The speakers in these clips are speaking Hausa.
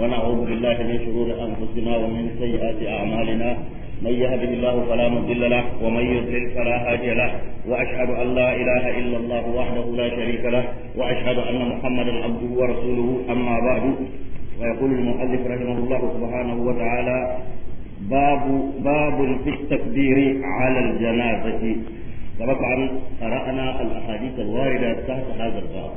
ونعوذ بالله من شرور أنفسنا ومن سيئات أعمالنا من يهده الله فلا مضل له ومن يضلل فلا هادي له واشهد ان لا اله الا الله وحده لا شريك له واشهد ان محمدا عبده ورسوله اما بعد ويقول المؤلف رحمه الله سبحانه وتعالى باب باب في التكبير على الجنازه طبعا قرانا الاحاديث الوارده تحت هذا الباب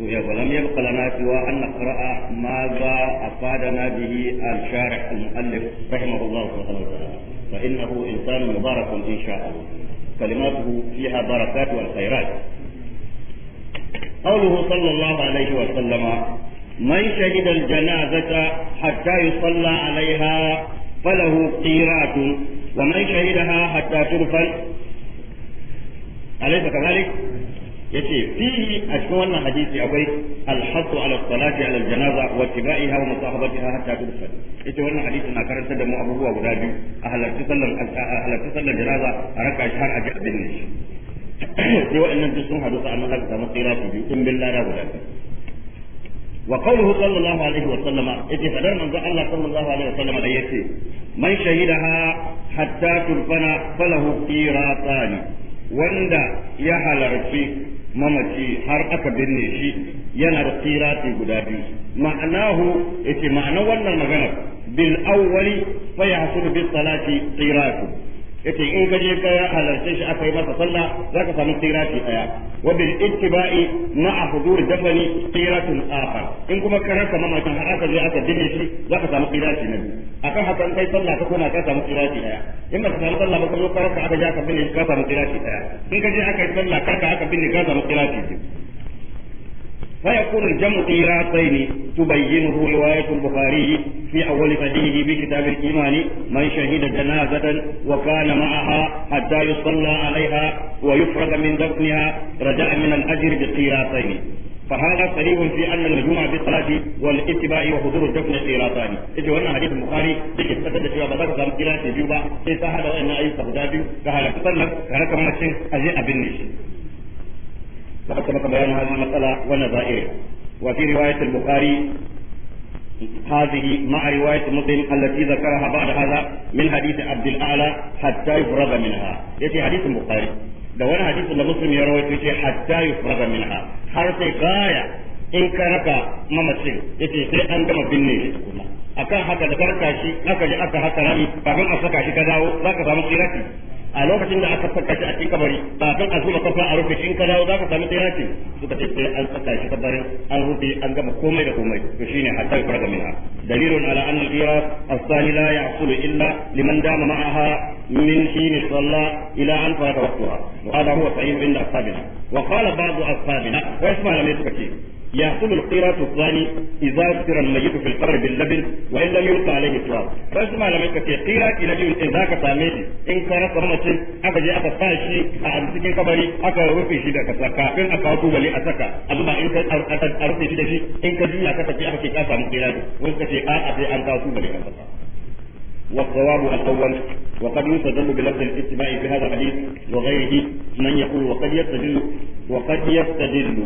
ولم يبق لنا سوى أن نقرأ ماذا أفادنا به الشارح المؤلف رحمه الله سبحانه وتعالى فإنه إنسان مبارك إن شاء الله كلماته فيها بركات والخيرات قوله صلى الله عليه وسلم من شهد الجنازة حتى يصلى عليها فله قيرات ومن شهدها حتى ترفل أليس كذلك؟ yace fihi a cikin wannan hadisi akwai alhasu ala salati ala aljanaza wa tibaiha wa musahabatiha hatta tudfan yace wannan hadisi na karanta da mu abubuwa guda biyu a halarci sallar halarci sallar janaza a raka shi har a ji abin shi sai wa'annan duk sun hadu sa'an Allah ka samu tsira biyu in billahi guda biyu wa qawluhu sallallahu alaihi wa sallama yace fadar manzo Allah sallallahu alaihi wa sallama da yace man shahidaha hatta turfana falahu qiratani wanda ya halarci mamaci har aka binne shi yana da sirati guda biyu ma'anahu yace ma'anar wannan magana bil awwali fa yahsulu bis salati tsiratu. yace in ka je ka halarce shi aka yi masa sallah zaka samu sirati daya wanda ittiba'i ma'a hudur dafani siratun akhar in kuma ka rasa mamakin har aka je aka dinne shi ka samu sirati na biyu akan haka in kai sallah ka kona ka samu sirati daya in ba ka samu sallah ba ka zo ka rasa aka je aka binne ka samu sirati daya in ka je aka yi sallah ka aka binne ka samu sirati biyu فيكون الجمع قيراتين تبينه رواية البخاري في أول فديه بكتاب الإيمان من شهد جنازة وكان معها حتى يصلى عليها ويفرد من دفنها رجاء من الأجر بقيراتين فهذا صريح في ان الجمعه بالصلاه والاتباع وحضور الدفن القيراطان اذا وانا حديث البخاري دake tabbata cewa ba za ka samu kira ce biyu ba sai ta hada wannan ayyuka guda biyu ka halaka sannan ka raka mamacin a je a binne shi da aka maka bayan hadi matsala wani za'ir har sai binne shi tukuna aka aka haka kafin a saka shi ka dawo zaka samu tsirati a lokacin da aka saka shi a cikin kabari kafin a zuba kafa a rufe shi in ka dawo zaka samu tsiraki suka ce sai an saka shi kabarin an rufe an gama komai da komai to shine hatta farga minha dalilun ala anna al-qiyas la ya'qulu illa liman dama ma'aha min hin salla ila an fara waqtuha wa hada huwa sahih inda sabina. wa qala ba'du ashabina wa isma lam yasbaki يأخذ القيرة الثاني إذا أكثر الميت في القبر باللبن وإن لم يلقى عليه تراب فاسمع لما يكفي قيرة إلى جيل إذا كسامي إن كانت رمة أكا جاء فاشي أمسك القبر أكا رفي شيدا كسكا إن أكا أتوب لي أسكا أما إن أرفي شيدا شي إن كجي أكا تفي أكا كاسا مقيرات وإن كفي أكا أنت أتوب لي أسكا والصواب الأول وقد يستدل بلفظ الاستماع في هذا الحديث وغيره من يقول وقد يستدل وقد يستدل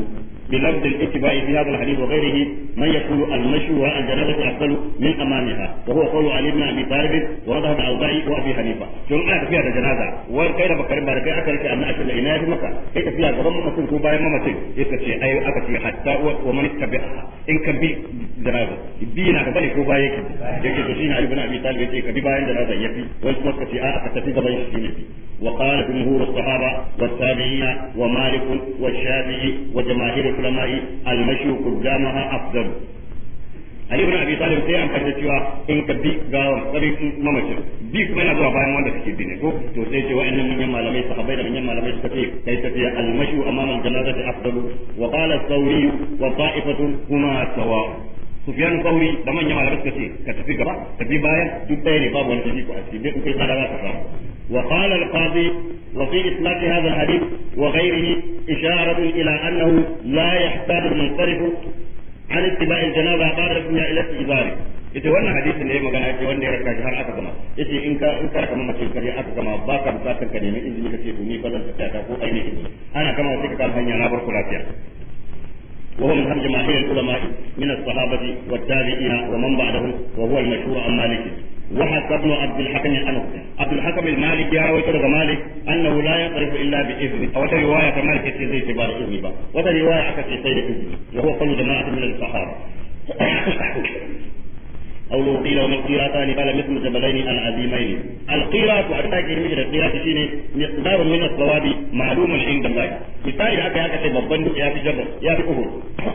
بلفظ الاتباع في هذا الحديث وغيره من يقول المشي وراء الجنازة أفضل من أمامها وهو قول علي بن أبي طالب ووضعه الأوزاعي وأبي حنيفة شنو أنا فيها الجنازة وكيف بكرم بارك أكل في أن أكل الإناء في مكة هي فيها غرم مكة كوبا ما مكة يكشي أي أكشي حتى ومن اتبعها إن كان بي جنازة بينا كبالي كوبا يكشي يكشي علي بن أبي طالب يكشي كبي باين جنازة يكشي والكوبا كشي آه أكشي كبي وقال جمهور الصحابة والتابعين ومالك والشافعي وجماهير العلماء المشي قدامها أفضل Ali ibn Abi Talib sai an fahimta cewa in ka bi gawar tsari mamacin bi kuma yana zuwa bayan wanda suke bine ko to sai ce wa'annan manyan malamai sahabbai da manyan malamai suka ce kai tafiya almashu amama aljanazati afdalu wa wa da manyan malamai suka ce ka tafi gaba ka bi bayan duk ɗaya ne babu wani tafi ko a cikin dai ukai tsada za ka samu وقال القاضي وفي إسناد هذا الحديث وغيره إشارة إلى أنه لا يحتاج المنصرف عن اتباع الجنازة قال إلى استجباره yace wannan hadisin da ya magana yace wanda ya raka har aka gama yace in ka in ka kama mace kare aka gama ba ka bukatar ka nemi izini ka ce to ni fa zan tafiya ta ko ai ne ana kama wace ka kan hanya na bar ku lafiya وهو من هم جماهير العلماء من الصحابة والتابعين wa بعدهم وهو المشهور عن مالك وحق ابن عبد الحكم الأنس عبد الحكم المالكي يروي كذا مالك أنه لا يصرف إلا بإذن أو رواية كمالك في زيت بار إذن با رواية حكى في سيد إذن وهو قول جماعة من الصحابة قوله قيل وما القيراتان قال مثل جبلين العظيمين القيرات وأتاك من القيرات شيني مقدار من الصواب معلوم عند الله مثال هكا هكا تبضل يا في جبل يا في أهل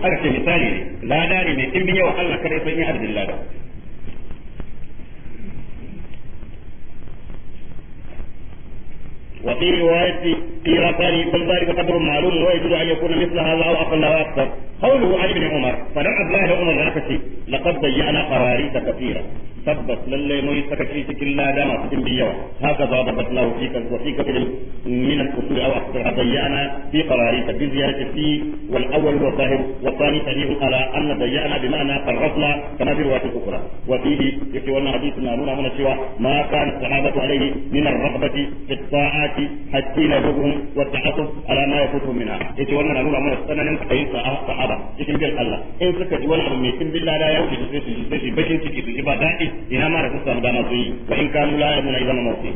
هكا مثالي لا داري من إنبياء وحلنا كريسين عبد الله وفي رواية في رفاني بل ذلك قدر معلوم ويجوز أن يكون مثل هذا أو أقل أو أكثر قوله عن ابن عمر فلم عبد الله عمر العكسي لقد ضيعنا قراريس كثيرة ثبت للي ميسك في سكن لا دام أقسم هكذا ضبط له فيك وفي كثير من الأصول أو أكثر ضيعنا في قراريس بزيادة في والأول هو الظاهر والثاني دليل على أن ضيعنا بمعنى قرصنا كما في رواية أخرى وفيه يكتب حديث معلومة هنا سوى ما كان الصحابة عليه من الرفض الرغبة في الطاعات حتى نبوهم والتعطف على ما يفوتهم منها يتي وانا نقول عمنا السنة أي صحابة يتم بير الله إن سكت وانا عمي يتم بالله لا يوجد سيسي بشن سيسي سيبا دائي إنما رفضت مدانا سيسي وإن كانوا لا يمون إذا موته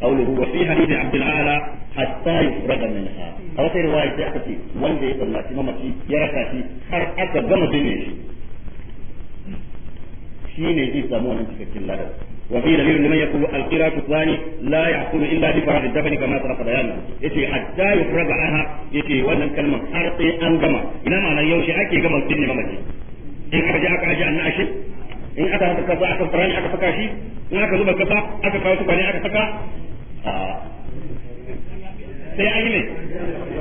قوله وفي حديث عبد الاعلى حتى يفرغ منها او في روايه في اكتي وين دي يصلى في مامتي يا ركاتي har aka gama binne shi shine zai samu wannan cikakken ladan وفي دليل لمن يقول القراءة الثاني لا يحصل إلا بفراغ الدفن كما سبق بيانه يتي حتى يفرغ عنها يتي وانا الكلمة حرقي أنجمة إلى معنى يوشي أكي جمع الدين ممتي إن أرجعك أجع النأشي إن أتى هذا الكفاء أكا فراني أكا فكاشي إن أكا زبا الكفاء أكا فاوتو بني أكا فكا sai an yi ne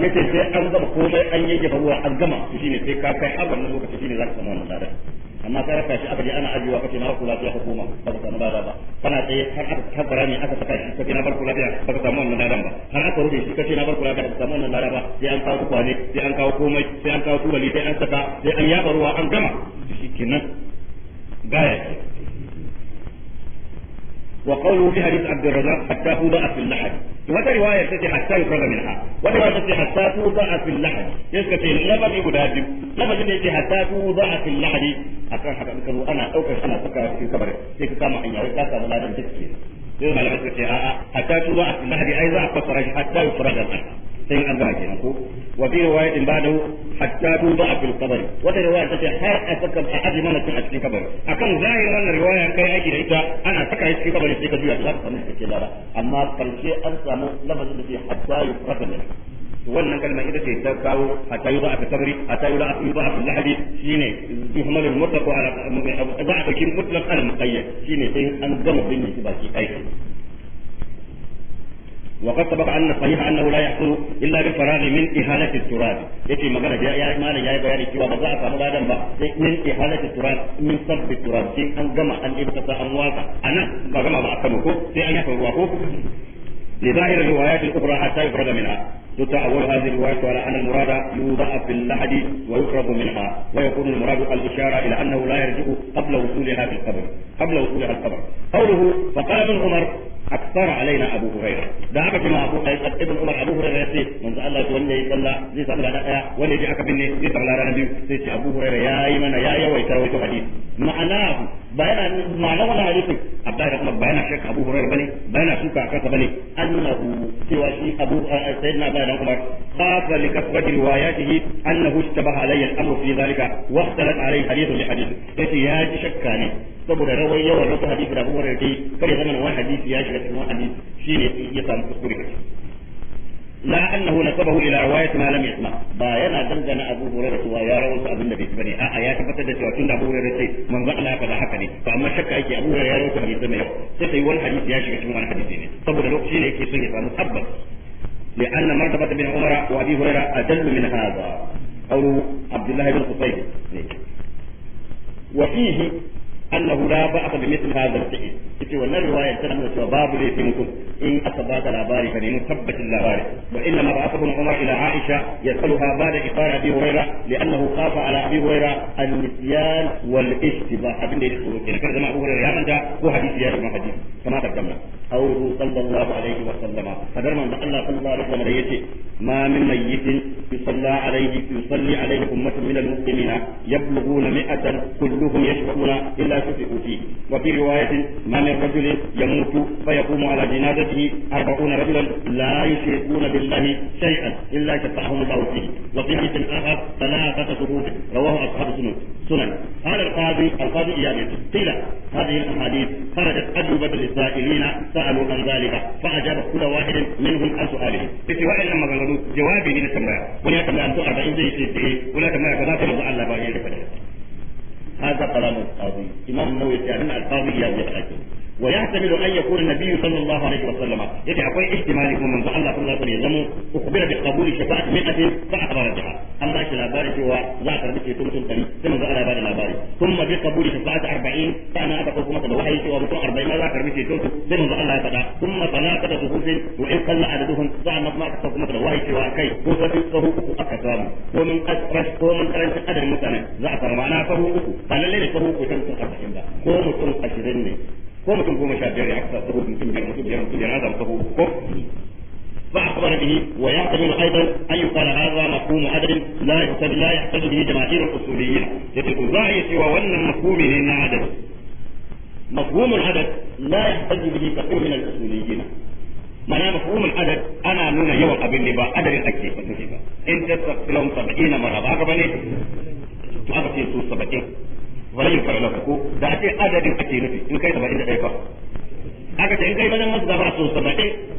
yace sai an zaba komai an yayyafa ruwa an gama shi ne sai ka kai abin nan lokaci shi ne za ka samu wannan ladan amma ta raka shi aka je ana ajiyewa kace na barku lafiya hukuma ba ta samu lada ba kana sai har aka kabbara ne aka saka shi kace na barku lafiya ba ka samu wannan ladan ba har aka rufe shi kace na barku lafiya ba ka samu wannan ladan ba sai an kawo kwane sai an kawo komai sai an kawo tubali sai an saka sai an yaba ruwa an gama shikenan gaya وقوله في حديث عبد الرزاق حتى هدأ في اللحد wata riwaya ta hatta yi kwaga minha wata riwaya ta hatta tu za a fil lahadi sai suka ce lafazi guda biyu lafazin da yake hatta tu za a fil lahadi kan haka kanu ana daukar ana saka cikin kabarin sai ka kama hanya wai ka samu ladan take sai malamai suka ce a'a hatta tu za a fil lahadi ai za a fassara shi hatta yi kwaga minha sai an gama kenan ko wa fi riwayatin ba'dahu hatta tuba fil qabr wata riwaya ta ce har a saka a aji mana cin a cikin kabari akan zahirin wannan riwaya kai aiki da ita ana saka shi cikin kabari sai ka juya za ka samu cikin lara amma karshe an samu lafazin da ke hatta yuqabal wannan kalma ita ce ta kawo hatta yuba a kabri hatta yuba a ba a lahadi shine yuhmal al mutlaq ala ba a cikin mutlaq al muqayyad ne sai an gama binne shi baki aiki وقد سبق ان صحيح انه لا يحصل الا بالفراغ من اهاله التراب يكي ما ya يا mana يا bayani كيف ba za a samu ladan ba sai min ihalati turab ان sabbi turab sai an gama an ibta sa an waka anan ba لظاهر الروايات الاخرى حتى يفرد منها تتأول هذه الروايات على أن المراد يوضع في اللحد ويفرد منها ويكون المراد الإشارة إلى أنه لا يرجع قبل وصولها في القبر قبل وصولها القبر قوله فقال ابن عمر أكثر علينا أبو هريرة ده أكا كما أبو ابن عمر أبو هريرة يسي من سأل الله وأن يصلى زي صلى لا يا وأن يجي أكا بني زي صلى لا نبي سيتي أبو هريرة يا إيمان يا يا ويتر ويتر حديث معناه بيان معلومة حديث عبد bayana رحمه بيان شيخ أبو هريرة بني بيان سوق أكاك بني أنه سوى شيء أبو سيدنا عبد الله رحمه خاف لكثرة رواياته أنه اشتبه علي الأمر في ذلك واختلط عليه حديث ya كيف shakka ne saboda rawai yawan rasa hadisi da abubuwan da kai kare zama wani hadisi ya shiga cikin wani hadisi shine ya samu kuskure لا انه نسبه الى روايه ما لم يسمع با yana dangana abu hurairah cewa ya rawaita abin da bai ci bane a'a ya tabbatar da cewa tun abu hurairah sai manzo Allah ya faɗa hadisi to amma shakka ake abu ya rawaita hadisi ne sai sai wani hadisi ya shiga cikin wani hadisi ne saboda lokaci ne yake son ya samu tabbas لأن مرتبة ابن عمر وأبي هريرة أجل من هذا قول عبد الله بن قصير وفيه أنه لا بأس بمثل هذا الشيء في والله رواية تنمو باب ليتمكم إن أصبات العبار فنين ثبت اللغار وإنما رأتهم عمر إلى عائشة يسألها بعد إطار أبي هريرة لأنه خاف على أبي هريرة النسيان والاشتباه أبن دي الخروج إن كان زمان أبو هريرة يعمل هو حديث يا جماعة حديث كما تقدمنا أوه صلى الله عليه وسلم فدرما أن الله صلى الله عليه وسلم ريتي ما من ميت يصلى عليه يصلي عليه أمة من المسلمين يبلغون مئة كلهم يشفعون إلا شفعوا فيه وفي رواية ما من رجل يموت فيقوم على جنازته قوته أربعون رجلا لا يشركون بالله شيئا إلا شفعهم الله فيه وفي حديث آخر ثلاثة شروط رواه أصحاب السنن سنن قال القاضي القاضي إياد قيل هذه الأحاديث خرجت أجوبة للسائلين سألوا عن ذلك فأجاب كل واحد منهم عن سؤاله في وائل لما قالوا جوابي لنا تمام ولا تمام تؤدى إن زي ولا تمام كذا وضع الله هذا كلام القاضي إمام النووي كان القاضي إياد ويحتمل أن يكون النبي صلى الله عليه وسلم يجي أقوي احتمال يكون من الله صلى الله عليه وسلم أخبر بقبول شفاعة مئة فأخبر بها الله شلا بارك هو لا تربك ثم تنتمي ثم زال بعد لا بارك ثم بقبول شفاعة أربعين فأنا أتقول ثم تبقى وحي سوى بطوع أربعين لا تربك ثم ثم زال الله تدع ثم ثلاثة صفوف وإن قل عددهم فأنا ما أتقول ثم تبقى وحي سوى كي وفي صفوف أكثر ومن أسرش ومن أرنش أدر مثلا زعفر معنا فهو أكو فأنا ليه فهو أكو تنتم أربعين لا هو ko mutum goma sha biyar ya aka sahu mutum biyar mutum biyar mutum فأخبر به ويعتبر أيضا أن يقال هذا مفهوم عدد لا يحتج لا يحتج به جماهير الأصوليين يقول الزاهي وأن مفهومه إن عدد مفهوم العدد لا يحتج به كثير من الأصوليين معنى مفهوم العدد أنا نونا يوم قبل لبا عدد أكيد أنت تستقبلهم سبعين مرة هكذا بني تعرف يسوس سبعين wala yukar lahu ko da a ce adadin ake nufi in kai 71 ba haka ce in kai bazan masu gaba so ce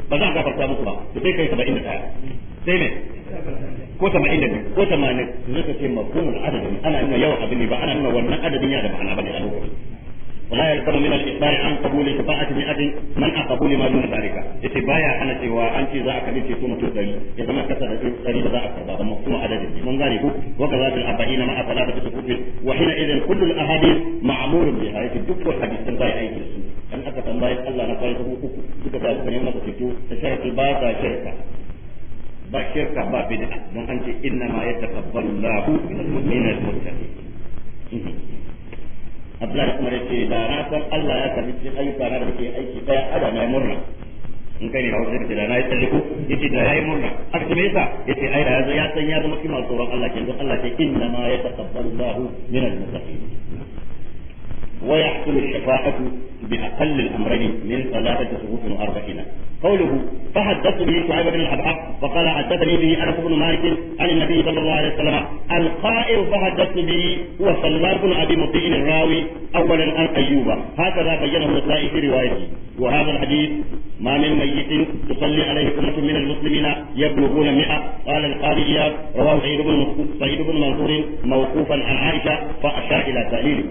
ba za a gafarta musu ba to sai kai 71 sai ne ko 70 ko 80 zaka ce mafhumul adadin ana nuna yawan abin ne ba ana nuna wannan adadin ya da ma'ana bane a lokacin ولا يلزم من الإخبار عن قبول شفاعة مئة من قبول ما دون ذلك يتبايع أنا سوى أنت ذا أكبر في سنة الدليل إذا ما كسر قريب ذا أكبر هذا مقسوم عدد من ذلك وكذا في الأربعين مع ثلاثة صفوف وحينئذ كل الأحاديث معمول بها في الدكتور حديث تنبايع أي كرسي أن أتت تنبايع الله نقاله أكو كتبه أكو يوم نقصته تشارك الباب شركة ba shirka ba bid'a don an ce inna ma yataqabbalu Allahu min al-muttaqin Abdullahi Umar yace da ranar Allah ya karbi cikin ayyuka na da ke aiki daya ada na murna in kai ne da wasu da na yi tsalliku yace da yayi murna aka ce me yasa yace ai da ya san ya zama kima tsoron Allah kenan Allah ke inna ma yataqabbalu Allahu min al-muttaqin ويحصل الشفاعة بأقل الأمرين من ثلاثة شروط وأربعين قوله فحدثت به شعيب بن الحبحب فقال حدثني به أنس بن مالك عن النبي صلى الله عليه وسلم القائل فحدثت به هو سلمان بن أبي مطيع الراوي أولا عن أيوب هكذا بينه النسائي في روايته وهذا الحديث ما من ميت تصلي عليه أمة من المسلمين يبلغون مئة قال القاضي إياه رواه سعيد بن سعيد بن منصور موقوفا عن عائشة فأشار إلى تأليله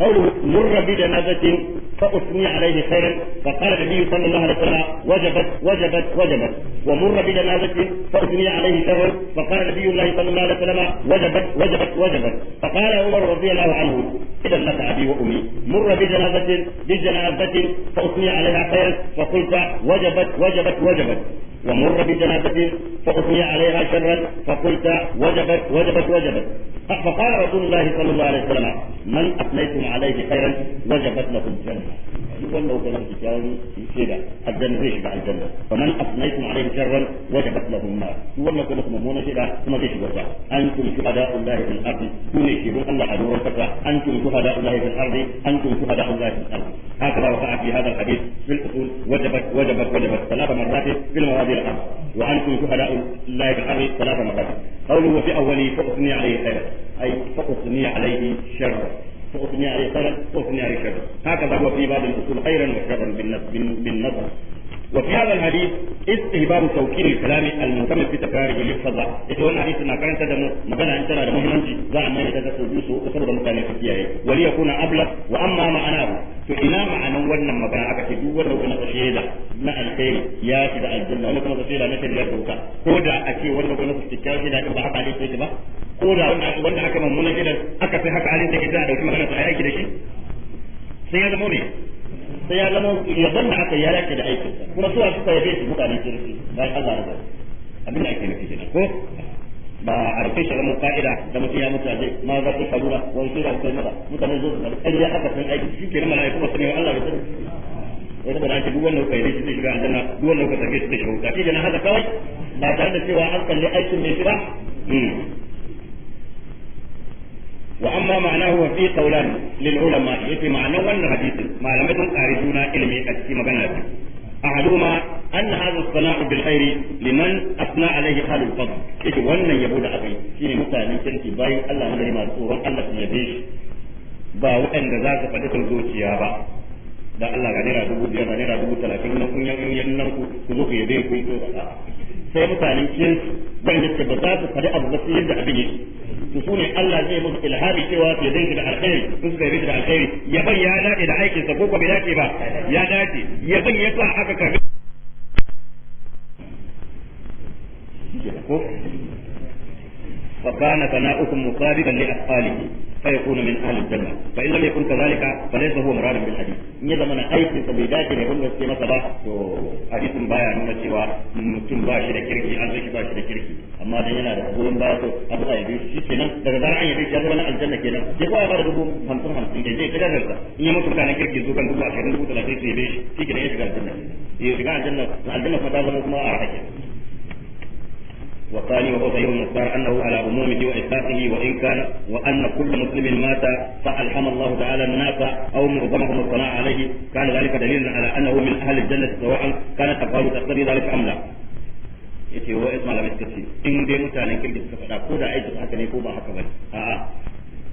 قوله مر بجنازة فأثني عليه خيرا فقال النبي صلى الله عليه وسلم وجبت وجبت وجبت ومر بجنازة فأثني عليه شرا فقال نبي الله صلى الله عليه وسلم وجبت وجبت وجبت فقال عمر رضي الله عنه إذا لك أبي وأمي مر بجنازة بجنازة فأثني عليها خيرا فقلت وجبت وجبت وجبت ومر بجنازة فأثني عليها شرا فقلت وجبت وجبت وجبت فقال رسول الله صلى الله عليه وسلم من أثنيتم عليه خيرا وجبت لكم جنة wanda kuka zama kyakkyawan shaida aljanna zai shiga aljanna faman asnaytum alayhi sharran wajabat lahum nar duk wanda kuka zama mona shaida kuma zai shiga wuta antum shuhada'ullahi fil ardi ku ne shedun Allah a doron kasa antum shuhada'ullahi fil ardi antum shuhada'ullahi fil ardi هكذا وقع في هذا الحديث في الاصول وجبت وجبت وجبت ثلاث مرات في المواضيع الاربع وانتم شهداء الله في الارض ثلاث مرات قوله في اوله فاثني عليه خيرا اي فاثني عليه شرا واثني عليه خيرا واثني عليه شرا هكذا هو في باب الاصول خيرا وشرا بالنظر وفي هذا الحديث استهباب توكيل الكلام المعتمد في تكاره للفضاء يقول الحديث ان كانت دم مغنى ان ترى مهمنتي زعم ما يتدخل يوسف وسبب مكان في وليكون ابلغ واما معناه فإلى معنى ونن مغنى اكا تدو ولو كان تشهيدا ما الخير يا سيد الجنه ولو كان تشهيدا مثل يدعوك هدى اكي ولو كان تشهيدا كما حق عليك ko da wanda aka mummuna gidan aka sai haka alin da ke tana dauki magana sai aiki da shi sai ya zama ne sai ya zama ya zama aka yi ya dace da aikin kuma suwa suka yabe shi mutane kirki bayan Allah ya abin da ake nufi kenan ko ba a rufe shi ramin fa'ida da mutum ya mutu zai ma za ku kalura wani shi da ku kalura mutane zo su zaɓi ɗan ya aka san aiki shi ke nan kuma sani Allah ya sani ya da ake duk wanda kai shi zai shiga aljanna duk wanda kai shi zai shiga wuta shi ne haka kawai ba tare da cewa an kalli aikin mai shi ba hmm. واما معناه وفي قولان للعلماء يتي معنى وان حديث ما لم يكن قارئون علمي اتي مغنى أحدهما أن هذا الصناع بالخير لمن أثنى عليه خال الفضل إيش وانا يبود أبي شيني متعني كنتي باين الله مدري ما سورا الله يبيش ba waɗanda za su faɗi zuciya ba da Allah ga naira dubu biyar ga naira dubu talatin na kun yan yan nan ku ku zo ku yabe ku yi sai mutanen kirki ban yake ba za su faɗi abu ba su yadda abin yake to su ne Allah zai musu ilhami cewa ya zai da alkhairi sun sai rida alkhairi ya ban ya dace da aikin sa ko ko bai dace ba ya dace ya ban ya sa aka karbi ko fa kana sana'ukum musabiqan li asfalihi فيكون من اهل الجنه فان لم يكن كذلك فليس هو مراد بالحديث ان اذا من ايك سبيداك ne wanda suke masa ba da kirki an zaki اما shi yana da gurin ba to Allah ya shi kenan daga an shi aljanna kenan ya dubu zai kada in ya mutu kana kirki zo kan dubu dubu 30 shi zama kuma a والثاني وهو غير المختار انه على عمومه واحساسه وان كان وان كل مسلم مات فالحم الله تعالى الناس او معظمهم الصلاة عليه كان ذلك دليلا على انه من اهل الجنه سواء كانت افعاله تقتضي ذلك ام لا. yace هو اسمع la miskati ان دي mutanen كيف suka كودا اي da aiki haka ne اه ba haka bane a'a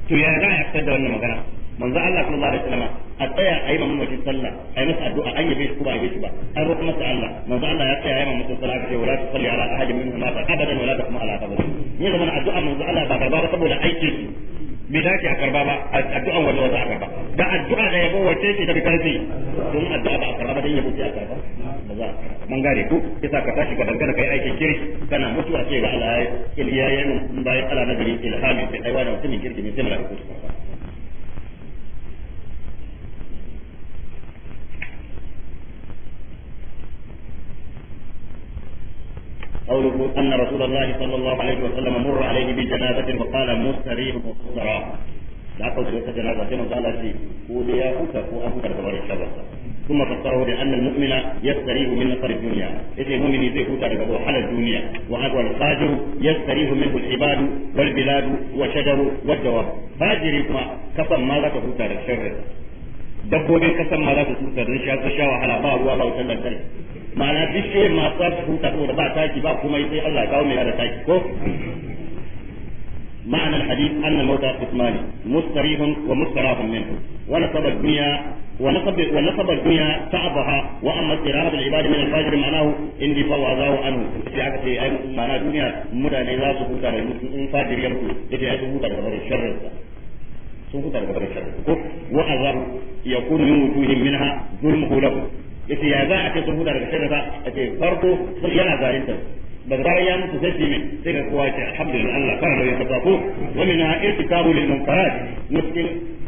to ya manzo Allah sallallahu alaihi wasallam a tsaya ayi mamun wajen sallah ayi masa addu'a an yabe shi ko ba yabe shi ba an roƙa masa Allah manzo Allah ya tsaya ayi mamun wajen sallah kace wala tusalli ala ahadin minhum ma abadan wala taqum ala qabri ni zaman addu'a manzo Allah ba karba ba saboda aiki shi bai dace a karba ba addu'a wanda wata aka ba da addu'a da yabo wace ce ta bi karfi don addu'a ba a karba dan yabo ce a karba ba za man gare ku yasa ka tashi ka dangana kai aikin kirki kana mutuwa ce ga Allah ya yi bayan Allah na gari ilhami sai aiwa da mutumin kirki ne sai mala'iku su ba عنه أن رسول الله صلى الله عليه وسلم مر عليه بجنازة وقال مستريح مستراح لا توصل إلى جنازة كما قال شيء قول يا أنت هو أنت الدوار الشبكة ثم فسره بأن المؤمن يستريح من نصر الدنيا إذ المؤمن يزيح تربه على الدنيا وهذا الفاجر يستريح منه العباد والبلاد والشجر والدواب فاجر ما كفى ما ذاك هو الشر dabbobin kasan ma za su tuta don sha wahala ba ruwa ba wutar lantarki ma'ana duk sai masu ba su huta saboda ba taki ba kuma sai Allah ya kawo mai hada taki ko ma'ana hadith anna mawta usmani mustarihun wa mustarahun min wa nasaba dunya wa nasaba wa nasaba dunya ta'abaha wa ibadi min al-fajr ma'anahu indi fa wa zawu anhu sai aka ce ai ma'ana dunya mudane za su huta da mutum in fajr ya mutu idan ya huta da wani sharri sun huta da wani sharri ko wa azab yakunu min wujuhihim minha zulmuhu lahu yace ya za a ce sun daga shirin a yace farko yana zalinta da ya mutu sai shi ne sai ga kowa ce alhamdulillah Allah kana da ya tafafu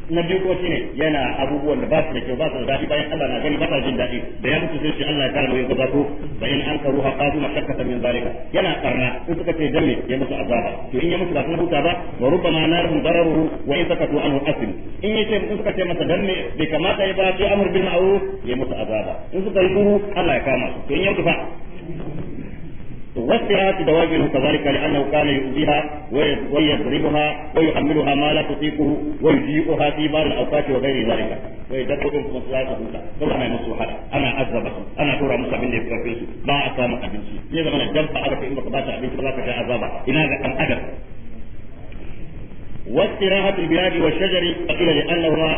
na biyu kuma shine yana abubuwan da ba su da kyau ba su da daɗi bayan Allah na gani ba ta jin daɗi da ya mutu sai shi Allah ya kare mu gaba ko ba in an karuha ma shakka min zalika yana karna in suka ce jami ya mutu azaba to in ya mutu ba sun huta ba wa rubbama narun dararu wa in sakatu anhu asim in ya ce in suka ce masa danne bai kamata ya ba sai amr bil ma'ruf ya mutu azaba in suka yi duru Allah ya kama to in ya mutu fa والسعة تواجهه كذلك لأنه كان يؤذيها ويضربها ويحملها ما لا تطيقه ويجيئها في بعض الأوقات وغير ذلك وإذا في مصلحة كل ما يمسوا حدا أنا أذبك أنا أتورى موسى من يفكر ما أقام أبنسي إذا أنا جنب أعرف إن بات أبنسي ولا تشاء أذابك إن هذا أدب واستراحة البلاد والشجر قيل لأنه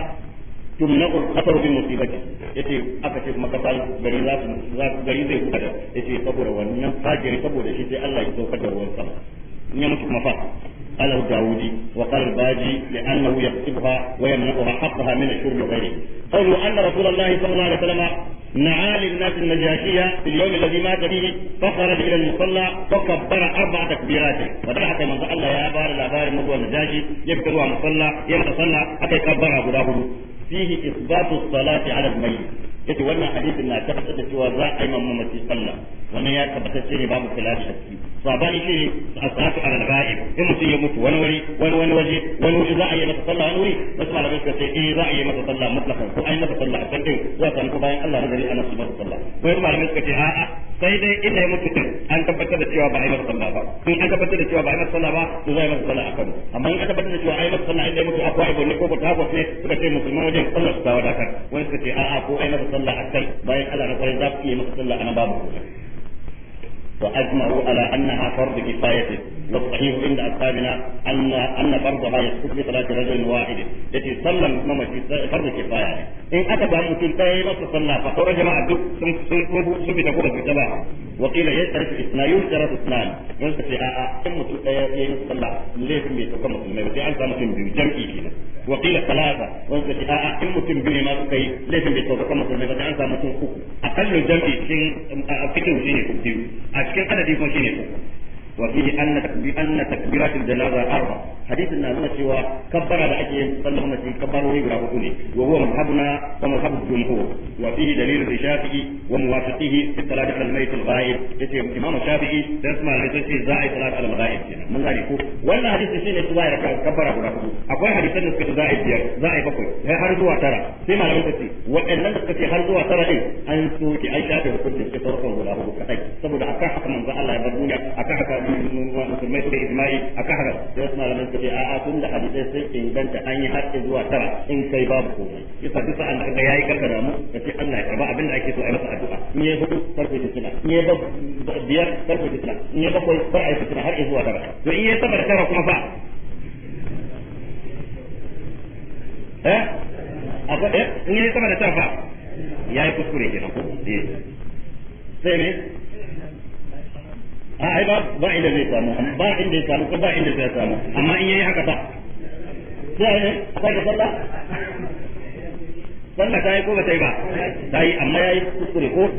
tumna'ul khatar bi musibati yace aka ce kuma kasa gari za su gari zai huta da yace saboda wannan fajiri saboda shi sai Allah ya saukar da ruwan sama in ya mutu kuma fa قال الداودي وقال الباجي لأنه يكتبها ويمنعها حقها من الشرب وغيره قوله أن رسول الله صلى الله عليه وسلم نعى للناس النجاشية في اليوم الذي مات فيه فخرج إلى المصلى وكبر أربع تكبيرات فدعا كما قال يا بار لا بار مدوى النجاشي يكبرها مصلى يتصلى حتى يكبرها أبو fihi isbatu salati ala al-mayyit yace wannan hadisin na tabbata da cewa za a yi mamma mace sallah wannan ya tabbata ne babu khilafi a shi ala ghaib in mutum ya mutu wani wuri wani wani waje wani za a yi masa sallah wani wuri wasu malamai suka ce eh za a yi masa sallah ko ai masa sallah a kan din a bayan Allah gari ana masa sallah malamai suka ce a'a sai dai inda ya mutu an tabbatar da cewa ba a yi masa sallah ba in an tabbatar da cewa ba a yi masa sallah ba to za a yi masa sallah a kanu amma in an tabbatar da cewa a yi masa sallah inda ya mutu akwai abu ne ko ta ko ne suka ce musulman wajen Allah su dawo da kan wani suka ce a'a ko a yi masa sallah a kai bayan Allah na kwarai za su iya masa sallah a nan babu وأجمعوا على أنها فرض كفاية والصحيح عند أصحابنا أن أن فرضها يسقط بصلاة رجل واحد التي صلى مما فرض كفاية إن أتى بها مسلتين نص صلى فخرج مع الدب ثم تكون في الجماعة وقيل يشترط اثنان يشترط اثنان يشترط آآ ثم صلى ليه في تقمص المسلمين في عن سامة جمعي كده wa qila salasa wa kace a a in mutum biyu ma suka yi laifin bai tauka kan mutum ba an samu mutum uku aqallu jam'i cikin a cikin shine a cikin adadi kuma shine uku وفيه أن أن تكبيرات الجنازة أربع حديث النازلة سوى كبر على أجل صلى الله عليه كبر ويقرأ وهو مذهبنا ومذهب الجمهور وفيه دليل للشافعي وموافقه في الصلاة على الميت الغائب يتي الإمام الشافعي تسمع لتسمع زائد صلاة على الغائب من ذلك ولا حديث الشيء سوى كبر على أقول أقوى حديث الناس زائد بيار زائد بقول هي هرزوا ترى سيما لم تسي وإن لم تسي هرزوا ترى إيه أن سوكي أي شافعي وكل شيء تركوا ولا أقول كتاي سبب أكاحك من ذا الله يبدوني أكاحك musulmai suka ijma'i a kan a'a tun da hadisai sun inganta an yi zuwa tara in kai babu komai yasa duk sa'an da yayi karka ce Allah ya karba abin da ake so a masa addu'a in yayi hudu karfe in yayi biyar karfe in yayi bakwai a yi zuwa tara to in yayi tara kuma fa eh a ga eh in yayi tara fa yayi kuskure kenan ko eh. sai ne a ba inda zai samu ba inda ya samu ko ba inda zai samu amma in yayi haka ba sai ne sai ka sallah sallah ta ko ba ba ta amma yayi kuskure ko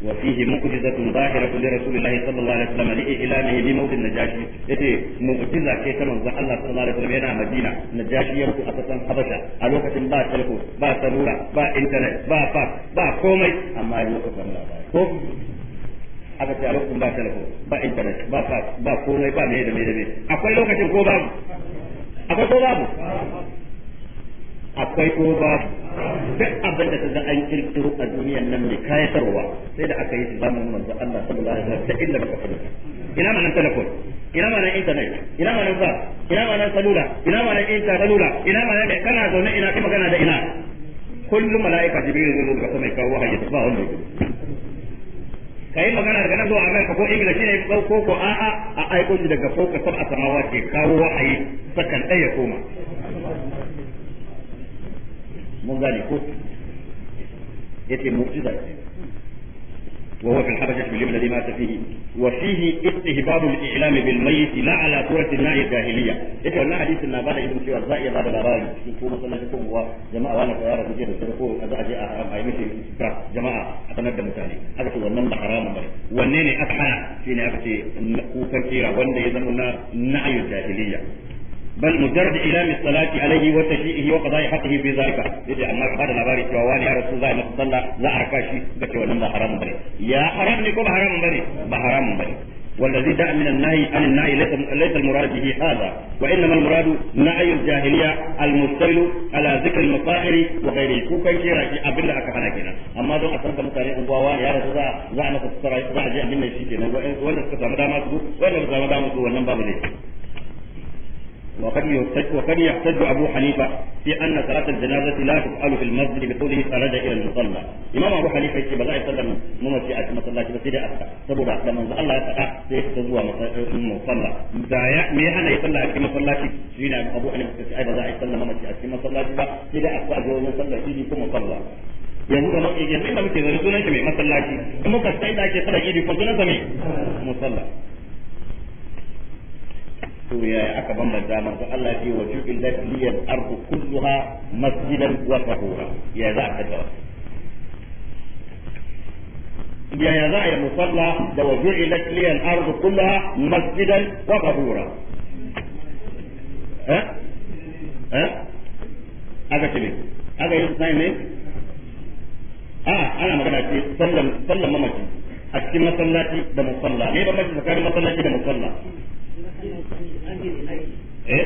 وفيه معجزة ظاهرة لرسول الله صلى الله عليه وسلم لإعلانه بموت النجاشي يتي معجزة كي كما الله صلى الله عليه وسلم هنا مدينة النجاشي يركو أساسا حبشة الوقت با تلفو با سلورة با انترنت با فاكس با كومي أما يوقف الله aka ce a lokacin ba telefon ba internet ba ba komai ba mai da mai da mai akwai lokacin ko babu akwai ko babu akwai ko babu duk abin da kaga an kirkiro a duniyan nan mai kayatarwa sai da aka yi su zamanin manzo Allah sallallahu alaihi wasallam ta illa baka fahimta ina ma nan telefon ina ma nan internet ina ma nan ba ina ma nan salula ina ma nan inta salula ina ma nan kana zaune ina kuma kana da ina kullum mala'ika jibril zai zo ga kuma ya kawo wahayi ba wannan ka yi magana daga nan zuwa Amerika ko Ingila ne ya ko ko a'a a aiko shi daga ko sab a samawa ke kawo wa'ayi sakan ɗaya koma mun gane ko yace mu'jiza wa huwa fil habashati bil da alladhi mata fihi وفيه استهباب الاعلام بالميت لا على صوره الماء الجاهليه yake wannan hadisin na ba da ibn cewa za a ba da labari shi ko masallaci ko kuwa jama'a wani ko yaro kuje da sirri ko za a je a haram a yi mishi jama'a a sanar da mutane aka ce wannan ba haramun ba wanne ne aka hana shi ne aka ce kukan kira wanda ya zama na na'ayin jahiliya بل مجرد إلام الصلاة عليه وتشيئه وقضاء حقه في ذلك يجي أما بعد نباري شوالي يا رسول الله مصلى لا أركاشي بك ولم حرام بري يا حرام لكم حرام بري بحرام بري والذي دع من النهي عن النهي ليس المراد به هذا وانما المراد نهي الجاهليه المشتمل على ذكر المصائر وغيره ko kai kira shi abin da aka hana kenan amma don a san ka mutane unguwa ya rasu za za a masa tsara za a ji abin da shi kenan wanda suka samu dama su wanda suka samu dama su wannan babu ne وقد يحتج أبو حنيفة في أن صلاة الجنازة لا تفعل في المسجد بقوله خرج إلى المصلى إمام أبو حنيفة يقول بلا يسلم ممشي أتى مصلى بسيدة أتى سبب أتى من الله يسعى سيحتزوى مصلى دايا مي أنا يصلى أتى مصلى سيدنا أبو حنيفة يقول بلا يسلم ممشي أتى مصلى سيدة أتى أجوى مصلى سيدي كم مصلى yanzu kamar yanzu inda muke zari sunan shi mai masallaci in muka sai da ake fara idi ko sunan sa mai musalla سوريا يا أكا بمنا جامر فألا في وجوء التي لي الأرض كلها مسجدا وطهورا يا ذاك جواب يا يا ذا يا مصلى لوجوء لي الأرض كلها مسجدا وطهورا ها ها هذا كلمة هذا يسمعني آه أنا ما قلت سلم صلى ما مسجد أكيد مصلاتي ده مصلى ليه ما مسجد كان مصلاتي ده مصلى eh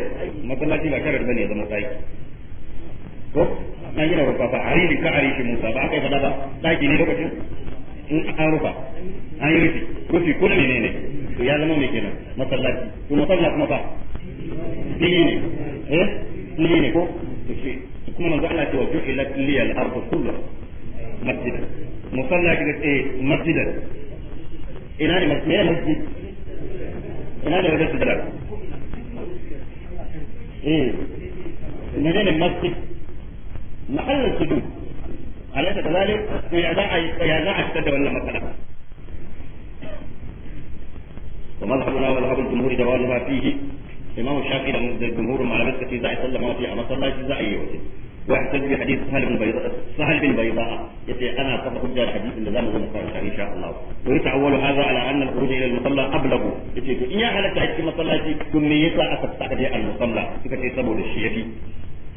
masallaci ba sharar bane ya zama tsaki ko na gina rufa fa ari ka ari shi Musa ba aka yi fada ba tsaki ne lokacin in an rufa an yi rufi rufi ko ne ne to ya zama mai kenan masallaci to masallaci kuma fa fili ne eh fili ne ko to kuma manzo Allah ce wa ju'ilat liyal ardu kullu masjid musalla kida ce eh, masjidan ina ne masjid ina ne masjid ina ايه منين المسجد محل السجود أليس كذلك؟ يا داعي اهتدى ولا مثلا ومذهبنا ومذهب الجمهور جوازها فيه إمام الشافعي لما الجمهور مع لبثت في زعي صلى ما في أما صلى في زعي وسلم واحتج بحديث سهل بن بيضاء سهل بن بيضاء يتي انا كما حجه الحديث اللي زمان زمان ان شاء الله ويتعول هذا على ان الخروج الى المصلى ابلغ يتي ان يا هلك حكي مصلاتي كن يسا اكتسك دي المصلى كتي سبب الشيء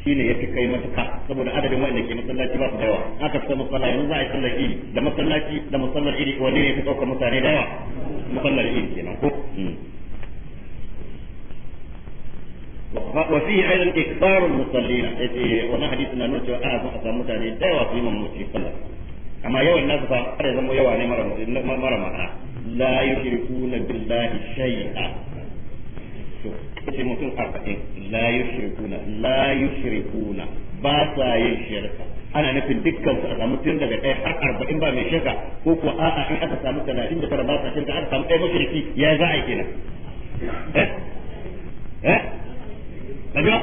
shine ya fi kai matuka saboda adadin wanda ke masallaci ba su dawa. aka fita masallaci yanzu za a yi sallar iri da masallaci da musallar iri wanne ne ya fi ɗaukar mutane da yawa musallar iri kenan ko وفيه ايضا اكثار المصلين وانا حديث ان نوتي انا فقط متاني داوا في من مصلي اما يوم الناس فقد زمو يوا ني مره مره لا يشركون بالله شيئا shi mutum arba'in la yushrikuna la yushrikuna ba sa yin shirka ana nufin dukkan su a samu tun daga ɗaya har arba'in ba mai ko kuwa a'a in aka samu talatin da tara ba sa shirka aka samu ɗaya mushriki ya za a yi kaga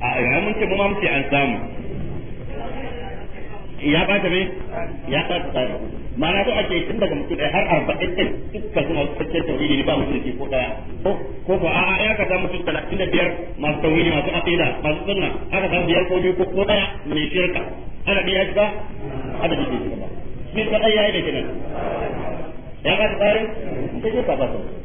a ina mun ce ya ya ma'ana ko ake tun daga mutum ɗaya har arba'in ɗin suna tauhidi ne ba mutum ke ko ɗaya ko ko a'a ya ka samu mutum talatin da biyar masu tauhidi masu masu sunna aka samu biyar ko biyu ko ko ɗaya mai shirka ana biya ana biya ba shi ya yi da kenan ya ya ba